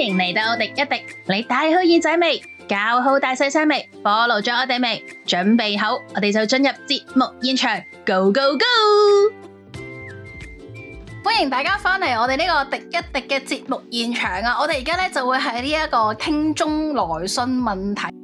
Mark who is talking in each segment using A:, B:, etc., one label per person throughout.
A: 歡迎嚟到廸一廸，你戴好耳仔未？搞好大細聲未？follow 咗我哋未？準備好，我哋就進入節目現場，Go Go Go！歡迎大家翻嚟我哋呢個廸一廸嘅節目現場啊！我哋而家咧就會喺呢一個聽眾來信問題。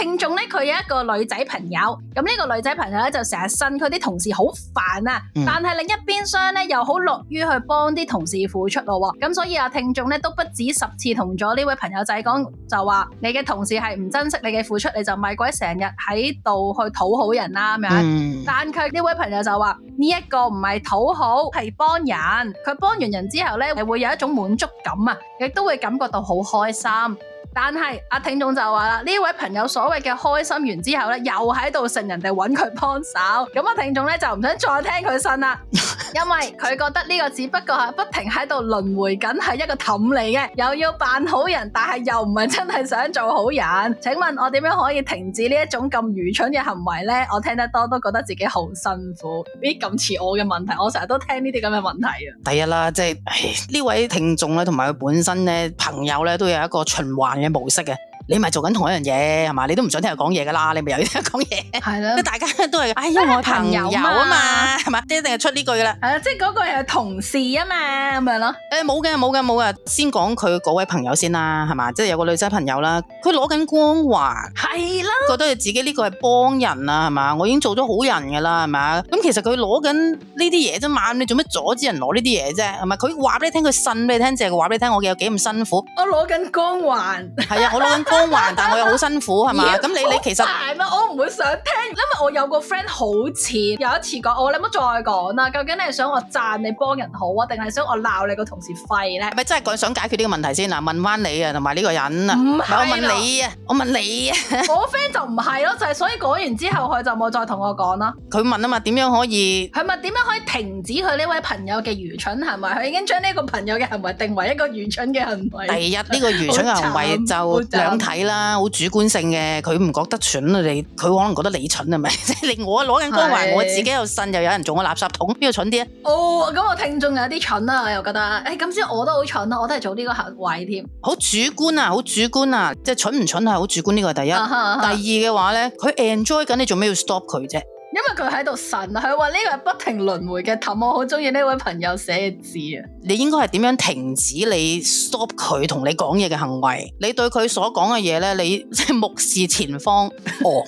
A: 聽眾咧，佢有一個女仔朋友，咁呢個女仔朋友咧就成日呻，佢啲同事好煩啊，嗯、但係另一邊廂咧又好樂於去幫啲同事付出咯、啊。咁所以啊，聽眾咧都不止十次同咗呢位朋友仔講，就話你嘅同事係唔珍惜你嘅付出，你就咪鬼成日喺度去討好人啦咁樣。嗯、但佢呢位朋友就話呢一個唔係討好，係幫人。佢幫完人之後咧，會有一種滿足感啊，亦都會感覺到好開心。但係阿聽眾就話啦，呢位朋友所謂嘅開心完之後咧，又喺度食人哋揾佢幫手，咁、嗯、啊聽眾咧就唔想再聽佢呻啦。 因為佢覺得呢個只不過係不停喺度輪迴緊係一個氹嚟嘅，又要扮好人，但係又唔係真係想做好人。請問我點樣可以停止呢一種咁愚蠢嘅行為呢？我聽得多都覺得自己好辛苦，咦，咁似我嘅問題，我成日都聽呢啲咁嘅問題
B: 啊。第一啦，即係呢位聽眾咧，同埋佢本身咧，朋友咧，都有一個循環嘅模式嘅。你咪做緊同一樣嘢係嘛？你都唔想聽佢講嘢噶啦，你咪又要聽佢講嘢。係咯的， 大家都係，哎呀，朋友啊嘛。一定係出呢句噶啦，誒、啊，即係嗰個係同事啊嘛，咁樣咯。誒、欸，冇嘅，冇嘅，冇嘅，先講佢嗰位朋友先啦，係嘛，即係有個女仔朋友啦，佢攞緊光環，係啦，覺得自己呢個係幫人啊，係嘛，我已經做咗好人噶啦，係嘛，咁其實佢攞緊呢啲嘢啫嘛，你做咩阻止人攞呢啲嘢啫？係咪？佢話俾你聽，佢信俾你聽，淨係話俾你聽，我嘅有幾咁辛苦，我
A: 攞緊光環，
B: 係啊，我攞緊光環， 但我又好辛苦，係嘛？咁 Yeah, 你你其實
A: 係啊，我唔會想聽，因為我有個 friend 好似有一次講，我諗再講啦，究竟你係想我讚你幫人好啊，定係想我鬧你個同事廢咧？
B: 係咪真係想解決呢個問題先啊？問翻你啊，同埋呢個人啊，我問你啊，
A: 我問你啊，我 friend 就唔係咯，就係所以講完之後佢就冇再同我講啦。
B: 佢問啊嘛，點樣可以？
A: 佢咪點樣可以停止佢呢位朋友嘅愚蠢行為？佢已經將呢個朋友嘅行為定
B: 為一個愚蠢嘅行為。第一呢、呢個愚蠢行為 慘就兩睇啦，好慘主觀性嘅，佢唔覺得蠢啊你，佢可能覺得你蠢，係咪？你 我攞緊光環，是我自己又信，又有人。用個垃圾桶，邊個蠢啲，oh,
A: 啊？哦，咁我聽眾有啲蠢啦，又覺得，誒、欸，咁先我都好蠢啦，啊，我都係做呢個行位添，
B: 好主觀啊，好主觀啊，即係蠢唔蠢係、啊、好主觀呢個係第一，uh huh, uh huh. 第二嘅話咧，佢 enjoy 緊，你做咩要 stop 佢啫？
A: 因為佢喺度神啊，佢話呢個係不停輪迴嘅氹，我好中意呢位朋友寫嘅
B: 字啊。你應該係點樣停止你 stop 佢同你講嘢嘅行為？你對佢所講嘅嘢咧，你即係目視前方。哦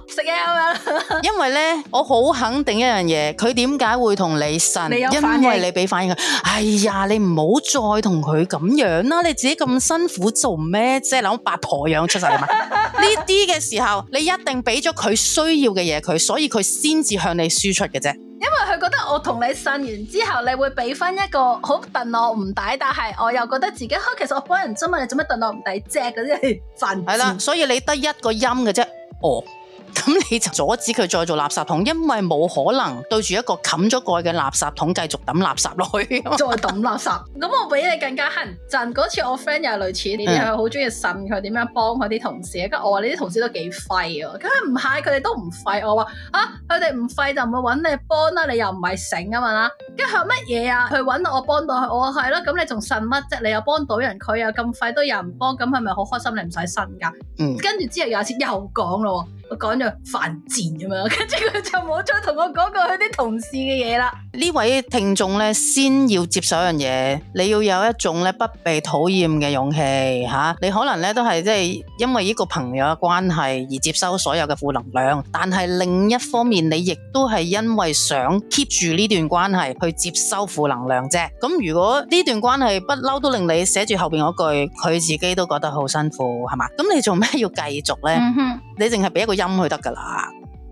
B: 因為咧，我好肯定一樣嘢，佢點解會同你呻？你因為你俾反應佢，哎呀，你唔好再同佢咁樣啦！你自己咁辛苦做咩啫？嗱，我八婆樣出晒嚟嘛。呢啲嘅時候，你一定俾咗佢需要嘅嘢佢，所以佢先至向你輸出嘅啫。
A: 因為佢覺得我同你呻完之後，你會俾翻一個好戥我唔抵，但係我又覺得自己，其實我本人問你 真嘛，是，你做乜
B: 戥我唔抵啫？嗰啲係煩。係啦，所以你得一個音嘅啫。哦。咁你就阻止佢再做垃圾桶，因為冇可能對住一個冚咗蓋嘅垃圾桶繼，繼續抌垃圾落去。 再抌垃圾，
A: 咁我俾你更加乞人憎。嗰次我 friend 又係類似呢啲，佢好中意呻佢點樣幫佢啲同事。跟住我話你啲同事都幾廢啊！梗唔係，佢哋都唔廢。我話啊，佢哋唔廢就唔會揾你幫啦，啊。你又唔係醒啊嘛啦，跟住佢乜嘢啊？佢揾我幫到佢，我係咯。咁你仲呻乜啫？你又幫到人，佢又咁廢都有人幫，咁係咪好開心？你唔使呻噶。嗯、跟住之後有一次又講咯。講咗犯賤咁樣，跟住佢就冇再同我講過佢啲同事嘅嘢啦。
B: 呢位聽眾呢，先要接受一樣嘢，你要有一種咧不被討厭嘅勇氣吓。你可能呢，都係即係因為呢個朋友嘅關係而接收所有嘅負能量，但係另一方面，你亦都係因為想 keep 住呢段關係去接收負能量啫。咁如果呢段關係不嬲都令你寫住後邊嗰句，佢自己都覺得好辛苦係嘛？咁你做咩要繼續呢？嗯你淨係俾一個音佢得噶啦。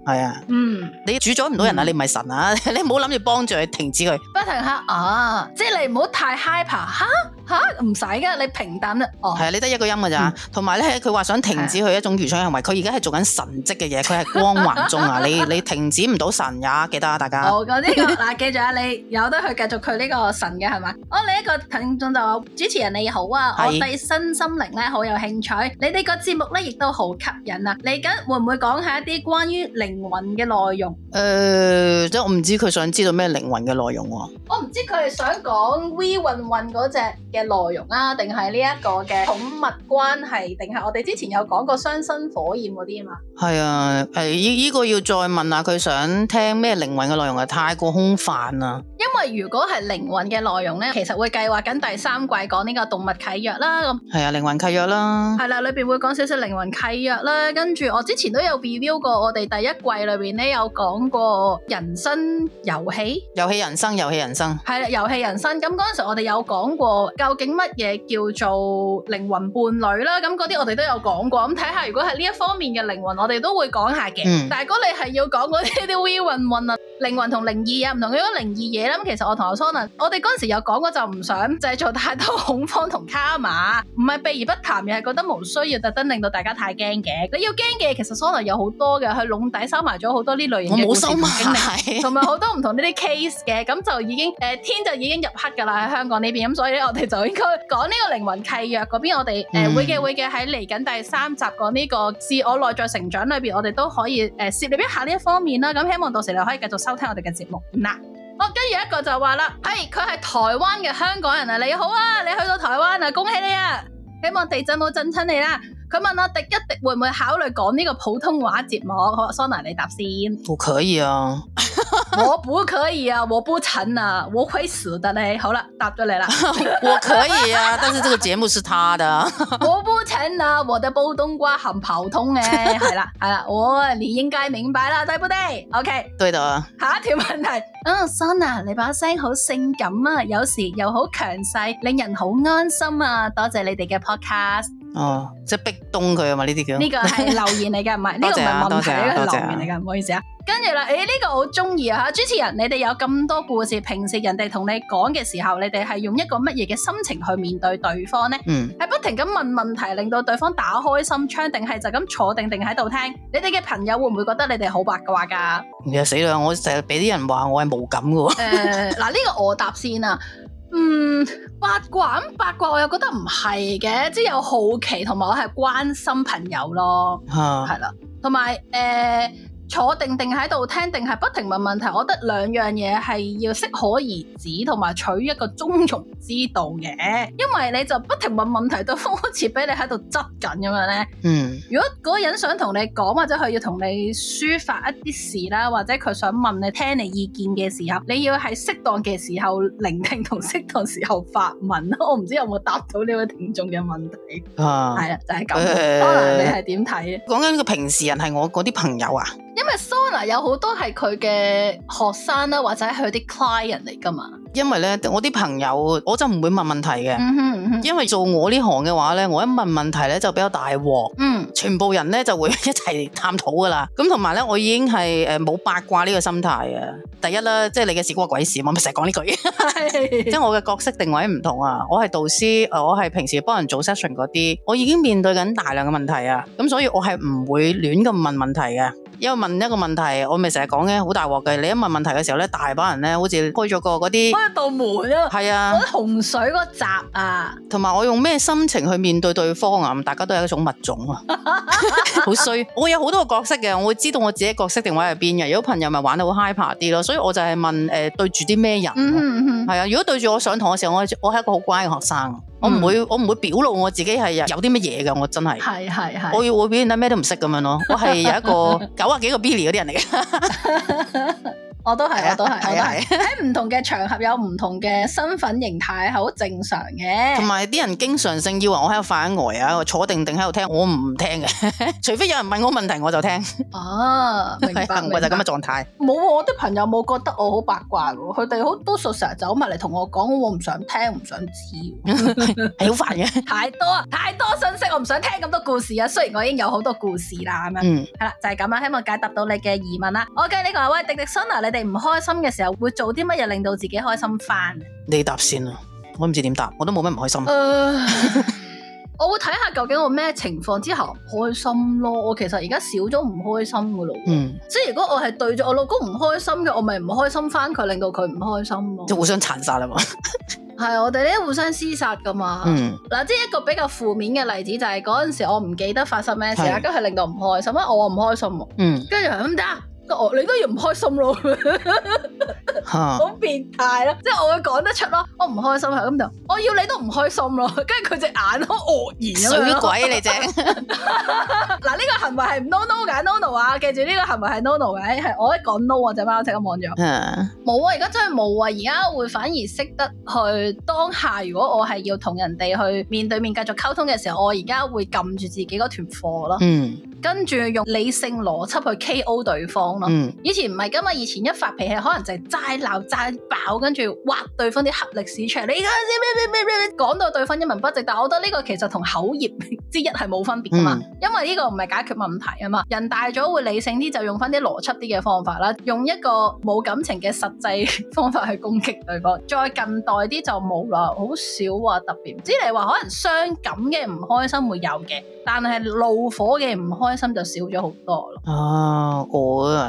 B: 係啊，嗯，你煮咗唔到人啊，你唔係神啊，你唔好諗住幫助佢停止佢不停
A: 下啊，即係你唔好太 hyper 吓吓唔使噶，你平淡啦。係啊，
B: 你得一個音噶咋，同埋咧佢話想停止佢一種愚蠢行為，佢而家係做緊神跡嘅嘢，佢係光環中啊，你你停止唔到神呀，記得啊，大家。好，嗰
A: 呢個嗱，記住啊，你有得去繼續佢呢個神嘅係咪？哦，你一個聽眾就話主持人你好啊，我對身心靈咧好有興趣，你哋個節目咧亦都好吸引啊，嚟緊會唔會講下一啲關於靈？靈嘅內容，
B: 誒、呃，即係我唔知佢想知道咩靈魂嘅內容喎。
A: 我唔知佢係想講 we 運運嗰隻嘅內容啊，定係呢一個嘅寵物關係，定係我哋之前有講過雙生火焰嗰啲啊？嘛，
B: 係啊，係依依個要再問下佢想聽咩靈魂嘅內容啊，太過空泛啊？
A: 因為如果係靈魂嘅內容咧，其實會計劃緊第三季講呢個動物契約啦。咁
B: 係啊，靈魂契約啦，
A: 係啦，啊，裏邊會講少少靈魂契約啦。跟住我之前都有 review 過我哋第一季。櫃裏面咧有講過人生遊戲，
B: 遊戲人生，遊戲人生
A: 係啦，遊戲人生。咁嗰陣時我哋有講過究竟乜嘢叫做靈魂伴侶啦，咁嗰啲我哋都有講過。咁睇下如果係呢一方面嘅靈魂，我哋都會講下嘅。嗯、大哥你係要講嗰啲啲靈魂啊？靈魂同靈異啊，唔同嗰啲靈異嘢啦。咁其實我同阿 Sona，我哋嗰陣時有講過就唔想製造太多恐慌同卡馬，唔係避而不談，又係覺得冇需要特登令到大家太驚嘅。你要驚嘅其實 Sona 有好多嘅，佢籠底收埋咗好多呢類型嘅經歷，我冇收埋，同埋好多唔同呢啲 case 嘅。咁 就已經誒、呃、天就已經入黑㗎啦，喺香港呢邊。咁、呃、所以咧我哋就應該講呢個靈魂契約嗰邊，我哋誒、呃嗯、會嘅會嘅喺嚟緊第三集講呢、呢個自我內在成長裏邊，我哋都可以誒、呃、涉獵一下呢一方面啦。咁希望到時你可以繼續。收聽我哋嘅節目嗱，我跟住一個就話啦，係佢係台灣嘅香港人啊，你好啊，你去到台灣啊，恭喜你啊，希望地震冇震親你啦。佢問我廸一廸會唔會考慮講呢個普通話節目？好，sona，你答先，
B: 我可以啊。
A: 我不可以啊，我不成啊，我會死的咧。好了，答咗你啦。 我
B: 可以啊，但是這個節目是他的。
A: 我不成啊，我的煲冬瓜很普通誒、啊。係啦係啦，哦，你應該明白了，對不對？OK，
B: 對的。
A: 下一條問題，嗯、哦、，Sona，你把聲好性感啊，有時又好強勢，令人好安心啊。多謝你哋嘅 Podcast。
B: 哦，即係逼凍佢啊嘛？呢啲叫呢個係
A: 留言嚟嘅，唔係呢個唔係問題，呢個係留言嚟嘅，唔好意思啊。跟住啦，誒呢個我好中意啊吓。主持人，你哋有咁多故事，平時人哋同你講嘅時候，你哋係用一個乜嘢嘅心情去面對對方呢？嗯，係不停咁問問題，令到對方打開心窗，定係就咁坐定定喺度聽？你哋嘅朋友會唔會覺得你哋好八卦噶？
B: 又死啦！我成日俾啲人話我係冇感嘅。
A: 嗱，呢個我答先啊。嗯，八卦咁八卦，我又覺得唔係嘅，即係有好奇同埋我係關心朋友咯，係啦、啊，同埋誒。坐定定喺度聽定係不停問問題，我覺得兩樣嘢係要適可而止，同埋取一個中庸之道嘅。因為你就不停問問題，都好似俾你喺度執緊咁樣咧。嗯。如果嗰個人想同你講，或者佢要同你抒發一啲事啦，或者佢想問你聽你意見嘅時候，你要喺適當嘅時候聆聽，同適當時候發問咯。我唔知有冇答到呢位聽眾嘅問題。啊。係啊，就係、是、咁。可能、哎哎哎哎，你係點睇？
B: 講緊個平時人係我嗰啲朋友啊。
A: 因為 Sona 有好多係佢嘅學生啦，或者係佢啲 client 嚟噶嘛。
B: 因為咧，我啲朋友我就唔會問問題嘅，嗯嗯、因為做我呢行嘅話咧，我一問問題咧就比較大鑊、嗯，全部人咧就會一齊探討㗎喇。咁同埋咧，我已經係誒冇八卦呢個心態嘅。第一啦，即、就、係、是、你嘅事關我鬼事，我咪成日講呢句。即為是 我嘅角色定位唔同啊，我係導師，我係平時幫人做 session 嗰啲，我已經面對緊大量嘅問題啊，咁所以我係唔會亂咁問問題嘅。因為問一個問題，我咪成日講嘅好大鑊嘅。你一問問題嘅時候咧，大把人咧好似開咗個嗰啲。一道門咯，嗰洪水嗰個閘啊，同埋、啊啊、我用咩心情去面對對方啊？大家都係一種物種啊，好 衰。我有好多個角色嘅，我會知道我自己角色定位喺邊嘅。如果朋友咪玩得好 hyper 啲咯，所以我就係問誒、呃，對住啲咩人、啊？係、嗯嗯嗯、啊，如果對住我上堂嘅時候，我我係一個好乖嘅學生，我唔會、嗯、我唔會表露我自己係有啲乜嘢嘅，我真係係係係，我要會表現得咩都唔識咁樣咯。我係有一個九十幾個 Billy 嗰啲人嚟嘅。
A: 我都係，我都係，我都係。喺唔 同嘅場合有唔同嘅身份形態係好正常嘅。同
B: 埋啲人經常性要話我喺度發緊呆啊，我坐定定喺度聽，我唔唔聽嘅。 除非有人問我問題，我就聽。
A: 哦、啊，明白明白就咁嘅狀態。冇，我啲朋友冇覺得我好八卦嘅，佢哋好多數成日走埋嚟同我講，我唔想聽，唔想知。
B: 係好煩嘅，
A: 太多太多信息，我唔想聽咁多故事啊。雖然我已經有好多故事啦，咁樣。嗯。係啦、嗯，就係咁啦，希望解答到你嘅疑問啦。我記你話喂迪迪 Sona 你哋唔開心嘅時候會做啲乜嘢令到自己開心翻？
B: 你答先啊，我唔知點答，我都冇乜唔開心、 呃。
A: 我會睇下究竟我咩情況之後開心咯。我其實而家少咗唔開心噶咯。嗯，即係如果我係對住我老公唔開心嘅，我咪唔開心翻佢，令到佢唔開心咯。嗯、即，咯咯即互相殘殺啦嘛。係我哋呢互相廝殺噶嘛。嗱、呃，即係一個比較負面嘅例子就係嗰陣時我唔記得發生咩事啦，咁係是令到唔開心。我話唔開心跟住唔得。嗯你都要唔開心咯 ，
B: 好
A: 變態咯，即係我會講得出咯，我唔開心啊，咁就我要你都唔開心咯，跟住佢隻眼好愕然咁樣，水鬼你啫， 嗱、這、呢個行為係 no no 嘅，no no 啊，記住呢個行為係 no no 嘅，係我一講 no 啊隻貓就咁望住，嗯
B: Yeah.，
A: 冇啊，而家真係冇啊，而家會反而識得去當下，如果我係要同人哋去面對面繼續溝通嘅時候，我而家會撳住自己嗰團貨咯，嗯，跟住用理性邏輯去 KO 對方。以前唔係噶嘛，以前一發脾氣可能就係齋鬧齋爆，跟住挖對方啲黑歷史出嚟，你講到對方一文不值。但我覺得呢個其實同口舌之一係冇分別噶嘛，嗯、因為呢個唔係解決問題啊嘛。人大咗會理性啲，就用翻啲邏輯啲嘅方法啦，用一個冇感情嘅實際方法去攻擊對方。再近代啲就冇啦，好少話特別，唔知你話可能傷感嘅唔開心會有嘅，但係怒火嘅唔開心就少咗好多咯。
B: 啊，我。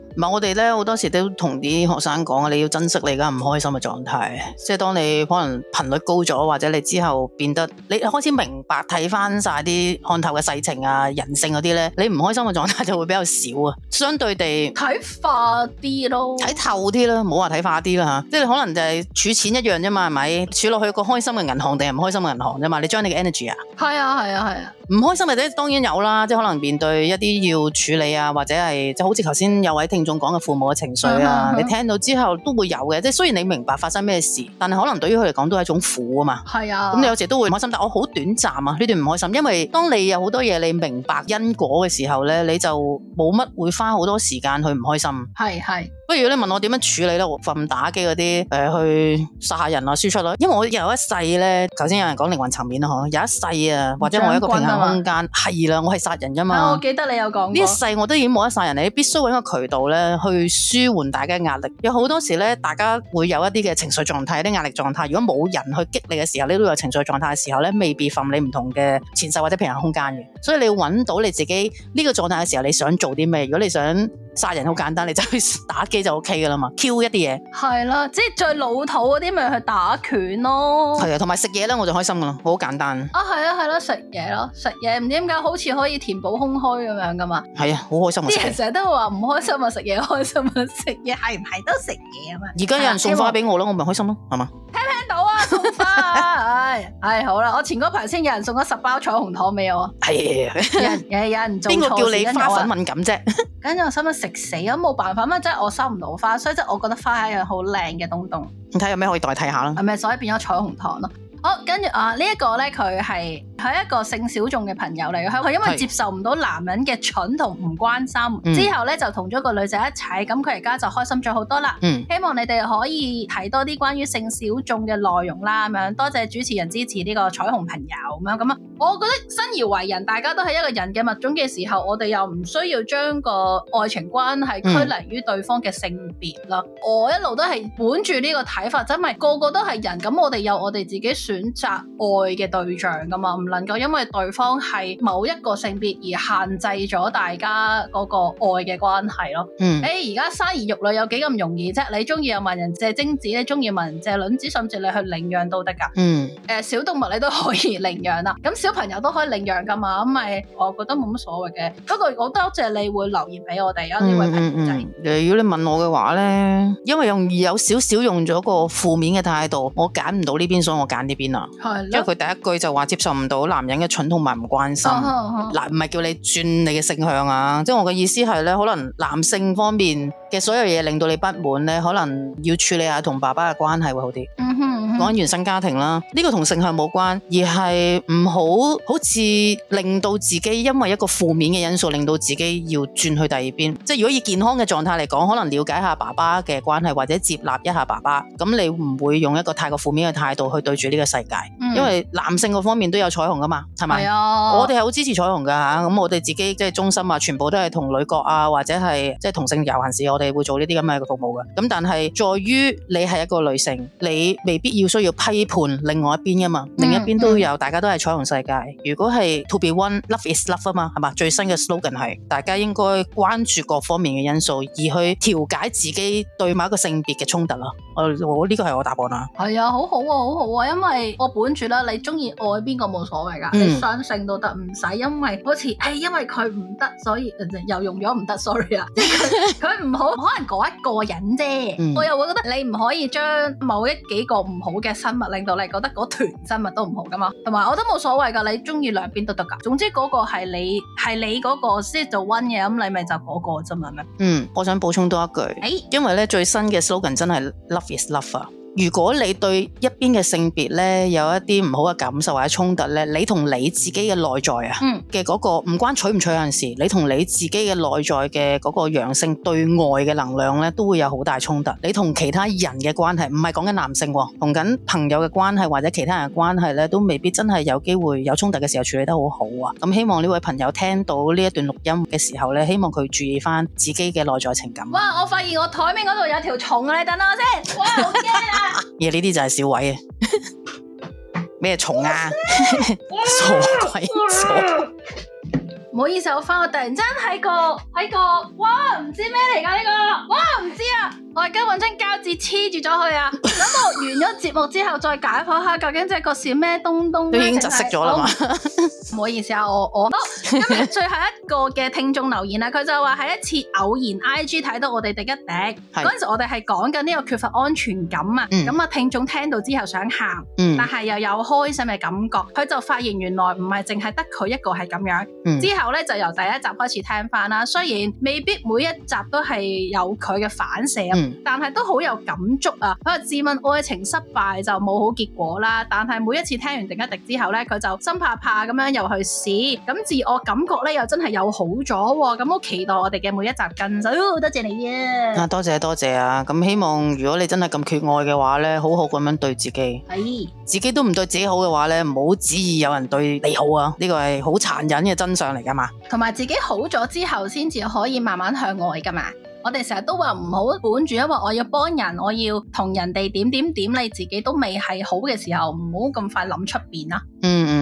B: 唔係，我哋咧，好多時都同啲學生講，啊，你要珍惜你而家唔開心嘅狀態，即係當你可能頻率高咗，或者你之後變得你開始明白睇翻晒啲看透嘅世情啊、人性啲咧，你唔開心嘅狀態就會比較少啊。相對地睇化啲咯，睇透啲啦，冇話睇化啲啦吓，即係可能就係儲錢一樣啫嘛，係咪儲落去個開心嘅銀行定係唔開心嘅銀行啫嘛？你將你嘅 energy 啊，
A: 係啊係啊係啊，唔、
B: 啊啊、開心嘅啲當然有啦。即係可能面對一啲要處理啊，或者係，就好似頭先有位聽。聽眾講嘅父母嘅情緒啊，啊啊你聽到之後都會有嘅。即係雖然你明白發生咩事，但係可能對於佢嚟講都係一種苦啊嘛。
A: 係啊，咁你有時都會唔開心，
B: 但我好短暫啊呢段唔開心，因為當你有好多嘢你明白因果嘅時候咧，你就冇乜會花好多時間去唔開心。係係。不如你問我點樣處理咧？我瞓打機嗰啲誒，去殺下人啊，輸出咯、啊。因為我有一世咧，頭先有人講靈魂層面啦，嗬，有一世啊，或者我一個平衡空間係啦，我係殺人啫嘛。我記
A: 得你有講呢一世
B: 我都已經冇得殺人，你必須搵個渠道咧去舒緩大家嘅壓力。有好多時咧，大家會有一啲嘅情緒狀態，啲壓力狀態。如果冇人去激你嘅時候，你都有情緒狀態嘅時候咧，未必瞓你唔同嘅前世或者平衡空間嘅。所以你搵到你自己呢、這個狀態嘅時候，你想做啲咩？如果你想殺人，好簡單，你就去打機。就 OK 噶啦嘛，Q 一啲嘢，
A: 係啦，即係最老土嗰啲咪去打拳咯，係
B: 啊，同埋食嘢咧我就開心噶啦，好，好簡單
A: 啊，係啊係啦，食嘢咯，食嘢唔知點解好似可以填補空虛咁樣噶嘛，
B: 係啊，好開心，啲人成日
A: 都話唔開心啊，食嘢開心啊，食嘢係唔係都食嘢啊嘛，而家有人送花
B: 俾我咯，欸、我咪開心咯，係嘛，聽唔聽
A: 到啊？送花，係係、 哎、好啦，我前嗰排先有人送咗十包彩虹糖俾我，係， 有有人做錯，邊個叫你花粉敏感啫？咁我心諗食死啊，冇辦法啊，即係我收。 唔到花，所以即係我覺得花係一樣好靚嘅東東。
B: 你睇有咩可以代替下咯？係咪 所以變咗彩虹糖咯？
A: 好，跟住啊，這個、呢一個咧，佢係係一個性小眾嘅朋友嚟嘅，佢因為接受唔到男人嘅蠢同唔關心，嗯、之後咧就同咗個女仔一齊，咁佢而家就開心咗好多啦。嗯、希望你哋可以睇多啲關於性小眾嘅內容啦，咁樣多謝主持人支持呢個彩虹朋友咁樣咁啊！我覺得生而為人，大家都係一個人嘅物種嘅時候，我哋又唔需要將個愛情關係拘泥於對方嘅性別咯。嗯、我一路都係本住呢個睇法，真係個個都係人，咁我哋有我哋自己選擇愛嘅對象噶嘛，唔能夠因為對方係某一個性別而限制咗大家嗰個愛嘅關係咯。嗯，誒、欸，而家生兒育女有幾咁容易啫？你中意又問人借精子，你中意問人借卵子，甚至你去領養都得噶。嗯，誒、呃，小動物你都可以領養啦，咁小朋友都可以領養噶嘛，咁咪我覺得冇乜所謂嘅。不過好多謝你會留言俾我哋啊，呢位
B: 朋友仔。如果你問我嘅話咧，因為易有，有少少用咗個負面嘅態度，我揀唔到呢邊，所以我揀呢邊。係，Right. 因為佢第一句就話接受唔到男人嘅蠢同埋唔關心，嗱唔係叫你轉你嘅性向啊，即係我嘅意思係咧，可能男性方面嘅所有嘢令到你不滿咧，可能要處理下同爸爸嘅關係會好啲。嗯
A: 哼、mm。Hmm. 講原
B: 生家庭啦，呢、這個同性向冇關，而係唔好好似令到自己因為一個負面嘅因素，令到自己要轉去第二邊。即係如果以健康嘅狀態嚟講，可能了解下爸爸嘅關係，或者接納一下爸爸，咁你唔會用一個太過負面嘅態度去對住呢個世界。嗯、因為男性嗰方面都有彩虹㗎嘛，係咪？啊、我哋係好支持彩虹㗎嚇。咁我哋自己即係中心啊，全部都係同女角啊，或者係即係同性遊行時，我哋會做呢啲咁嘅服務嘅。咁但係在於你係一個女性，你未必要，需要批判另外一邊啊嘛，另一邊都有，大家都係彩虹世界。如果係 to be one love is love 啊嘛，係嘛？最新嘅 slogan 係大家應該關注各方面嘅因素，而去調解自己對某一個性別嘅衝突咯。我呢個係我答案啊。
A: 係啊，好好啊，好好啊，因為我本住啦，你中意愛邊個冇所謂㗎，你雙性都得，唔使因為好似係因為佢唔得，所以又用咗唔得。Sorry 啊，即係佢佢唔好，可能嗰一個人啫。我又會覺得你唔可以將某一幾個唔好。好嘅生物令到你覺得嗰團生物都唔好噶嘛，同埋我都冇所謂噶，你中意兩邊都得噶。總之嗰個係你係你嗰個先做 one 嘅，咁你咪就嗰個啫嘛
B: 咩？嗯，我想補充多一句，誒，因為咧最新嘅 slogan 真係 love is love 啊。如果你對一邊嘅性別咧有一啲唔好嘅感受或者衝突咧，你同你自己嘅內在啊嘅嗰個唔關取唔取有陣時，你同你自己嘅內在嘅嗰個陽性對外嘅能量咧，都會有好大衝突。你同其他人嘅關係唔係講緊男性，同緊朋友嘅關係或者其他人嘅關係咧，都未必真係有機會有衝突嘅時候處理得好好啊。咁希望呢位朋友聽到呢一段錄音嘅時候咧，希望佢注意翻自己嘅內在情感。
A: 哇！我發現我台面嗰度有條蟲咧，你等等我先。哇！好驚啊！
B: 而呢啲就係小偉啊，咩蟲 啊， 傻
A: 鬼，傻。唔好意思，我翻我突然間喺個喺個，哇唔知咩嚟噶呢個，哇唔知啊，我而家搵張膠紙黐住咗佢啊，咁我完咗節目之後再解剖下究竟即係個事是咩東東，已經窒息咗啦嘛，唔好意思啊，我我 好，今日最後一個嘅聽眾留言啊，佢就話係一次偶然 IG 睇到我哋廸一廸。嗰陣是時我哋係講緊呢個缺乏安全感啊，咁啊、嗯、聽眾聽到之後想喊，但係又有開心嘅感覺，佢、嗯、就發現原來唔係淨係得佢一個係咁樣，之後。之後咧就由第一集開始聽翻啦，雖然未必每一集都係有佢嘅反射，嗯、但係都好有感觸啊！佢自問愛情失敗就冇好結果啦，但係每一次聽完廸一廸之後咧，佢就心怕怕咁樣又去試，咁自我感覺咧又真係又好咗喎！咁好期待我哋嘅每一集更新，哦，多謝你啊！
B: 多謝多謝啊！咁希望如果你真係咁缺愛嘅話咧，好好咁樣對自己，是自己都唔對自己好嘅話咧，唔好指意有人對你好啊！呢個係好殘忍嘅真相嚟噶。
A: 同埋自己好咗之後，先至可以慢慢向外噶嘛。我哋成日都話唔好管住，因為我要幫人，我要同人哋點點點，你自己都未係好嘅時候，唔好咁快諗出面啦。嗯、
B: 嗯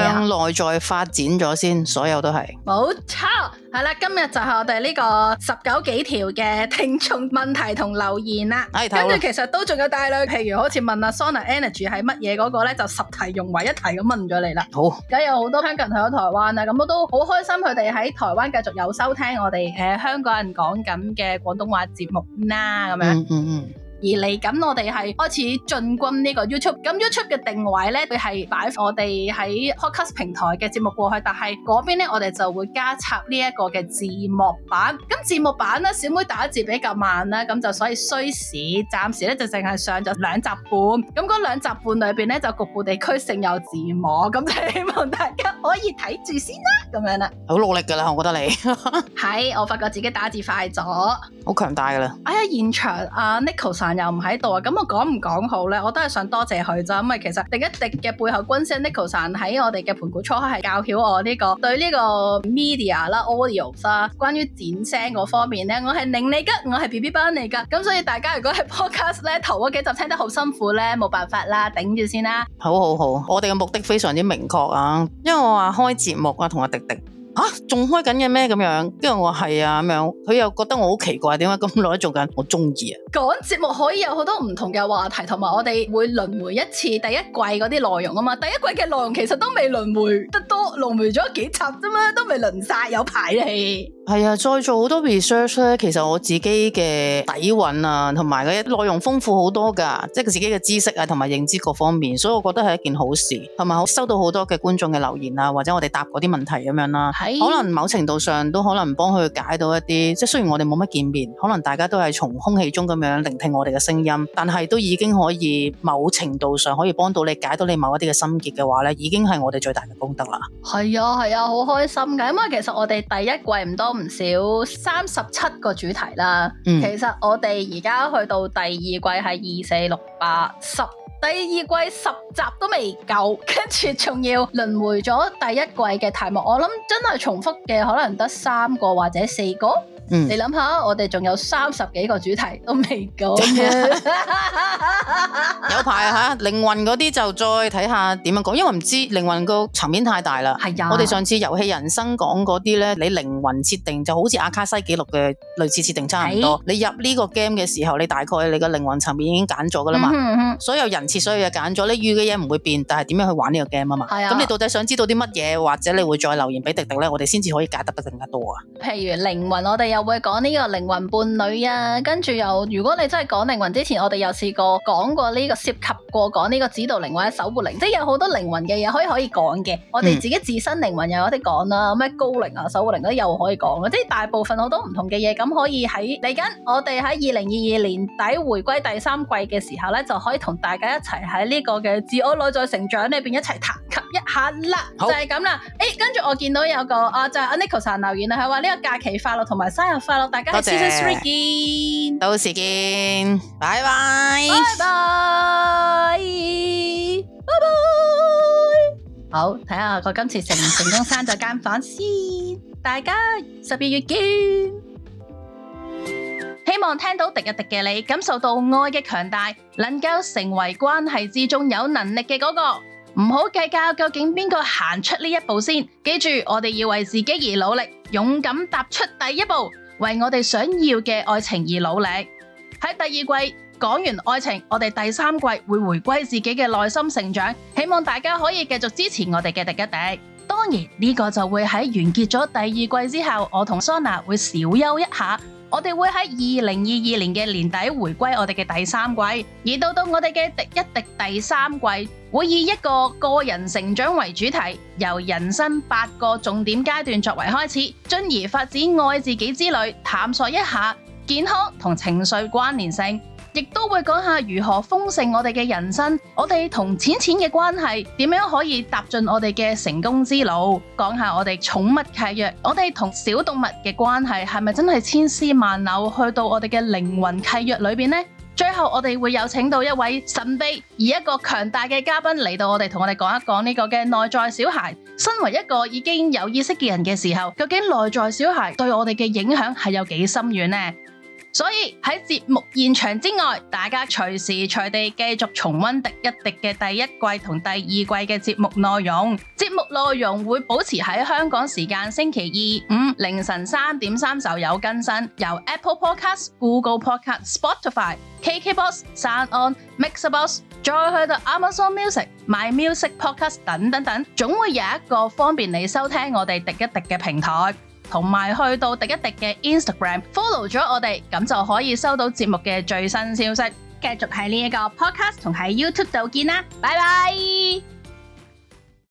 B: 向內在發展咗先，所有都係
A: 冇錯。係啦，今日就係我哋呢個十九幾條嘅聽眾問題同留言啦。跟住的其實都仲有大量，譬如好似問阿 Sona Energy 係乜嘢嗰、那個咧，就十題融為一題咁問咗你啦。好，而家有好多香港人去咗台灣啦，咁我都好開心，佢哋喺台灣繼續有收聽我哋誒香港人講緊嘅廣東話節目啦。咁樣、嗯，嗯嗯。而嚟緊，我哋係開始進軍呢個 YouTube。咁 YouTube 嘅定位咧，佢係擺我哋喺 Podcast 平台嘅節目過去，但係嗰邊咧，我哋就會加插呢一個嘅字幕版。咁字幕版咧，小妹打字比較慢啦，咁就所以需時。暫時咧就淨係上咗兩集半。咁嗰兩集半裏邊咧，就局部地區性有字幕，咁就希望大家可以睇住先啦，咁樣啦。
B: 好努力㗎啦，我覺得你
A: 係，我發覺自己打字快咗。
B: 好強大㗎啦！
A: 哎呀，現場啊，Nicole 又唔喺度啊！咁我講唔講好咧？我都係想多謝佢咋，因為其實廸一廸嘅背後軍師 Nicholas 喺我哋嘅盤古初開係教曉我呢個對呢個 media 啦，audio 啦，關於剪聲嗰方面咧，我係擰你吉，我係 BB 班嚟噶。咁所以大家如果係 podcast 咧，頭嗰幾集聽得好辛苦咧，冇辦法啦，頂住先啦。
B: 好好好，我哋嘅目的非常之明確啊，因為我話開節目啊，同阿迪迪。啊，仲開緊嘅咩咁樣？跟住我話係啊咁樣，佢又覺得我好奇怪，點解咁耐都做緊？我中意啊！
A: 講節目可以有好多唔同嘅話題，同埋我哋會輪迴一次第一季嗰啲內容啊嘛。第一季嘅內容其實都未輪迴得多，輪迴咗幾集啫嘛，都未輪晒，有排嚟。
B: 係啊，再做好多 research 咧，其實我自己嘅底蘊啊，同埋嘅內容豐富好多噶，即係自己嘅知識啊，同埋認知各方面，所以我覺得係一件好事，同埋我收到好多嘅觀眾嘅留言啊，或者我哋答嗰啲問題咁樣啦、啊，啊、可能某程度上都可能幫佢解到一啲，即係雖然我哋冇乜見面，可能大家都係從空氣中咁樣聆聽我哋嘅聲音，但係都已經可以某程度上可以幫到你解到你某一啲嘅心結嘅話咧，已經係我哋最大嘅功德啦。
A: 係啊，係啊，好開心嘅，因為其實我哋第一季唔多。唔少，三十七個主題啦。嗯、其實我哋而家去到第二季係二四六八十，第二季十集都未夠，跟住仲要輪迴咗第一季嘅題目。我諗真係重複嘅可能得三個或者四個。嗯、你諗下，我哋仲有三十幾個主題都未講，
B: 有排啊吓，靈魂嗰啲就再睇下點樣講，因為唔知靈魂個層面太大啦。係、啊、我哋上次遊戲人生講嗰啲咧，你靈魂設定就好似阿卡西記錄嘅類似設定差唔多。是你入呢個 game 嘅時候，你大概你個靈魂層面已經揀咗噶啦嘛。嗯、哼哼所有人設所有嘢揀咗，你預嘅嘢唔會變，但係點樣去玩呢個 game 啊嘛。係啊。咁你到底想知道啲乜嘢，或者你會再留言俾廸廸咧？我哋先至可以解答得更加多啊。
A: 譬如靈魂，我哋有。會講呢個靈魂伴侶啊，跟住又如果你真係講靈魂之前，我哋又試過講過呢、呢個涉及過講呢個指導靈魂、守護靈，即係有好多靈魂嘅嘢，可以可以講嘅。我哋自己自身靈魂又有得講啦，咩高靈啊、守護靈嗰啲又可以講，即係大部分好多唔同嘅嘢，咁可以喺嚟緊我哋喺二零二二年底回歸第三季嘅時候咧，就可以同大家一齊喺呢個嘅自我內在成長裏邊一齊談及一下啦，好就係咁啦。誒、哎，跟住我見到有個啊就阿、是、Nicholas 留言啦，係話呢個假期快樂同埋。啊！快樂大家，多謝，
B: 到時見，拜拜，拜拜，拜拜，好，睇下我
A: 今次成唔成功，生咗間房先，大家十二月見，希望聽到廸一廸嘅你，感受到愛嘅強大，能夠成為關係之中有能力嘅嗰個。唔好計較究竟邊個行出呢一步先，記住我哋要為自己而努力，勇敢踏出第一步，為我哋想要嘅愛情而努力。喺第二季講完愛情，我哋第三季會回歸自己嘅內心成長，希望大家可以繼續支持我哋嘅迪一迪。當然呢個就會喺完結咗第二季之後，我同桑娜會小休一下。我哋會喺二零二二年嘅年底回歸我哋嘅第三季，而到到我哋嘅廸一廸第三季，會以一個個人成長為主題，由人生八個重點階段作為開始，進而發展愛自己之旅，探索一下健康同情緒關聯性。亦都會講下如何豐盛我哋嘅人生，我哋同錢錢嘅關係點樣可以踏進我哋嘅成功之路，講下我哋寵物契約，我哋同小動物嘅關係係咪真係千絲萬縷去到我哋嘅靈魂契約裏邊呢？最後我哋會有請到一位神秘而一個強大嘅嘉賓嚟到我哋，同我哋講一講呢個嘅內在小孩。身為一個已經有意識嘅人嘅時候，究竟內在小孩對我哋嘅影響係有幾深遠呢？所以喺節目現場之外，大家隨時隨地繼續重溫《廸一廸》嘅第一季同第二季嘅節目內容。節目內容會保持喺香港時間星期二、五凌晨三點三就有更新，由 Apple Podcast、Google Podcast、Spotify、KKBox、SoundOn、MixerBox，再去到 Amazon Music、My Music Podcast、等等等，總會有一個方便你收聽我哋《廸一廸》嘅平台。同埋去到廸一廸嘅 Instagram，follow 咗我哋，咁就可以收到節目嘅最新消息。繼續喺呢一個 Podcast 同喺 YouTube 度見啦，拜拜。